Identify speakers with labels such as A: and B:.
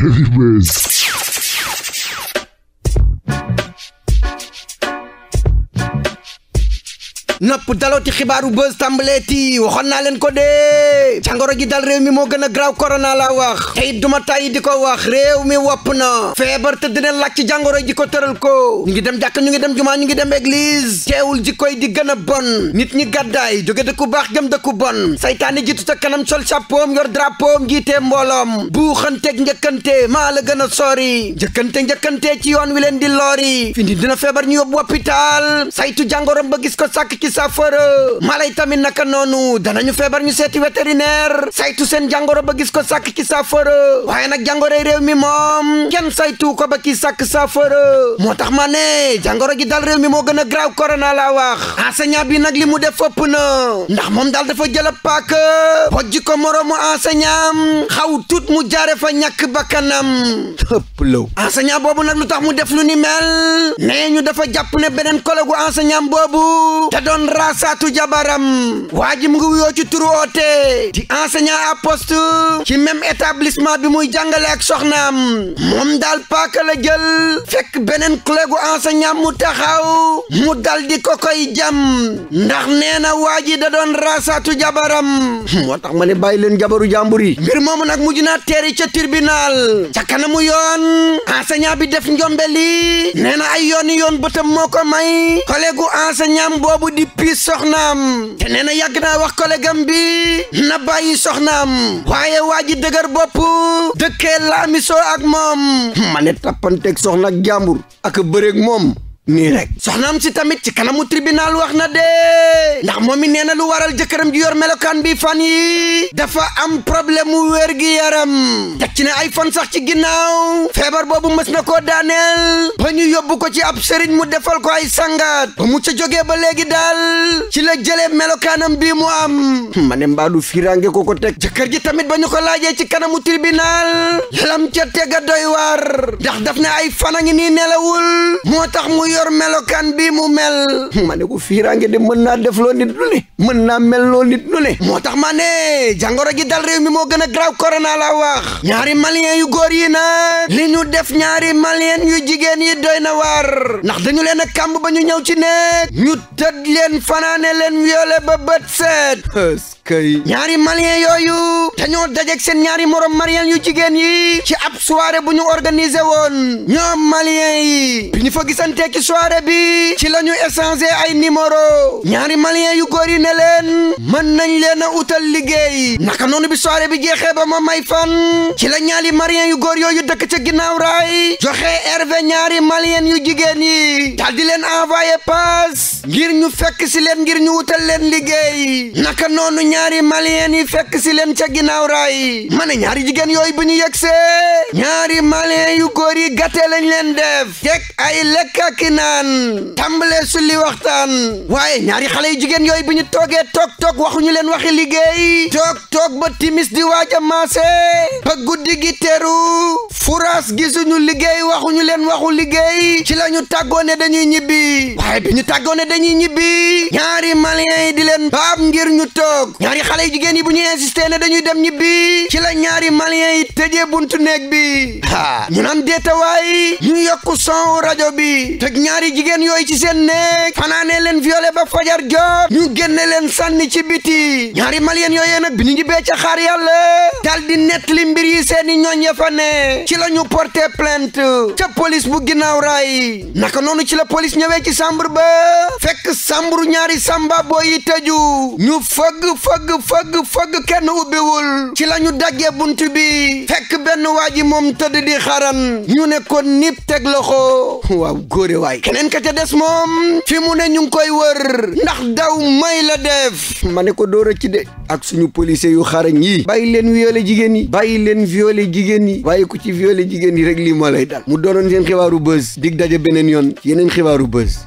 A: Heavyweight. nopp dalooti xibaaru buzz tàmbaleeti waxoon naa leen ko dee jàngoro ji dal réew mi moo gën a graaw korona laa wax te it duma tàyyi di ko wax réew mi wapp na feebar te dina laaj ci jàngoro ji ko tëral ko ñu ngi dem jàkk ñu ngi dem jumaa ñu ngi dem église teewul ji koy di gën a bon nit ñi gàddaay jóge dëkku baax jëm dëkku bon saytaane jiitu sa kanam sol chapeau yor drapeau jiitee mbooloom buuxanteeg njëkkante maa la gën a sori njëkkante njëkkante ci yoon wi leen di lori fi dina feebar ñu yóbbu hôpital saytu indi saafara mala yi tamit naka noonu danañu feebar ñu seeti vétérinaire saytu seen jàngoro ba gis ko sàkk ci saafara waaye nag jàngoro yi réew mi moom kenn saytu ko ba ki sàkk saafara moo tax ma ne jàngoro gi dal réew mi moo gën a grave corona laa wax enseignant bi nag li mu def fëpp na ndax moom daal dafa jël paak bojj ko moroomu enseignant am xaw tut mu jaare fa ñàkk bakkanam ëpp law enseignant boobu nag lu tax mu def lu ni mel nee ñu dafa jàpp ne beneen collègue enseignant boobu doon raasaatu jabaram waa ji mu ngi wuyoo ci turu oote di enseignant à poste ci bi muy jàngale ak soxnaam moom daal paaka la jël fekk beneen collègue enseignant mu taxaw mu dal di ko koy jam ndax nee na waa ji da doon raasaatu jabaram moo tax ma ne bàyyi leen jabaru jàmbur yi mbir moomu nag mujj naa teeri ca tribunal ca kanamu yoon enseignant bi def njombeli nee na ay yooni yoon bëtam moo ko may collègue enseignant boobu di jëppi soxnaam te nee na yàgg naa wax collègue am bi na bàyyi soxnam waaye waa ji dëgër bopp dëkkee laamisoo ak moom ma ne tappanteeg soxna ak jàmbur ak bëreeg moom nii rek soxnaam si tamit ci kanamu tribunal wax na de ndax moom i nee na lu waral jëkkëram ji yor melokaan bii fan yi dafa am problème mu wér gi yaram teg ci ne ay fan sax ci ginnaaw feebar boobu mës na koo daaneel ba ñu yóbbu ko ci ab sëriñ mu defal ko ay sangaat ba mu ca jógee ba léegi daal ci la jële melokaanam bii mu am ma ne mbaadu fiiraange ko ko teg jëkkër ji tamit ba ñu ko laajee ci kanamu tribunal lam ca tega doy waar ndax daf ne ay fan a ngi yor melokaan bii mu mel ma ne ko fiiraange de mën naa def loo nit lu ne mën naa mel loo nit ne moo tax ma ne jàngoro ji dal réew mi moo gën a grave corona la wax ñaari malien yu góor yi nag li ñu def ñaari malien yu jigéen yi doy na war ndax dañu leen a kàmb ba ñu ñëw ci nekk ñu tëdd leen fanaane leen violé ba bët seet eskay ñaari malien yooyu dañoo dajeek seen ñaari morom malien yu jigéen yi ci ab soirée bu ñu organisé woon ñoom yi bi ñu fa gisante soirée bi ci la ñu échangé ay numéro ñaari malien yu góor yi ne mën nañ leen a wutal liggéey naka noonu bi soirée bi jeexee ba ma may fan ci la ñaari malien yu góor yooyu dëkk ca ginnaaw raay joxe rv ñaari malien yu jigéen yi di leen envoyé passe ngir ñu fekk si leen ngir ñu wutal leen liggéey naka noonu ñaari malien yi fekk si leen ca ginnaaw raay ma ne ñaari jigéen yooyu bu ñu yegsee ñaari malien yu góor yi gàtte lañ leen def teg ay lekk ak ngi naan tàmbalee sulli waxtaan waaye ñaari xale yi jigéen yooyu bu ñu toogee toog toog waxuñu leen waxi liggéey toog toog ba timis di waaj a maase ba guddi gi teru furaas gisuñu liggéey waxuñu leen waxu liggéey ci lañu tàggoone dañuy ñibbi waaye bi ñu tàggoone dañuy ñibbi ñaari maliens yi di leen baab ngir ñu toog ñaari xale yu jigéen yi bu ñu insisté dañuy dem ñibbi ci la ñaari maliens yi tëjee buntu néeg bi ñu naan deetawaay ñu yokku son rajo bi ñaari jigéen yooyu ci seen néeg fanaanee leen violé ba fajar jot ñu génne leen sànni ci biti ñaari malien yooyee nag bi ñu jibee ca xaar yàlla dal di nettali mbir yi seeni ñooñ ya ci la ñu porté plainte ca police bu ginnaaw raay naka noonu ci la police ñëwee ci chambre ba fekk chambre ñaari samba boo yi tëju ñu fëgg fëgg fëgg fëgg kenn ubbiwul ci la ñu daggee bunt bi fekk benn waa ji moom tëdd di xaran ñu ne ko nip teg loxo waaw góore waay keneen ka ca des moom fi mu ne ñu ngi koy wër ndax daw may la def ma ne ko door ci de ak suñu policiers yu xarañ yi bàyyi leen violé jigéen yi bàyyi leen violé jigéen yi waaye ku ci violé jigéen yi rek lii moo lay dal mu doonoon seen xibaaru buzz dig daje beneen yoon yeneen xibaaru buzz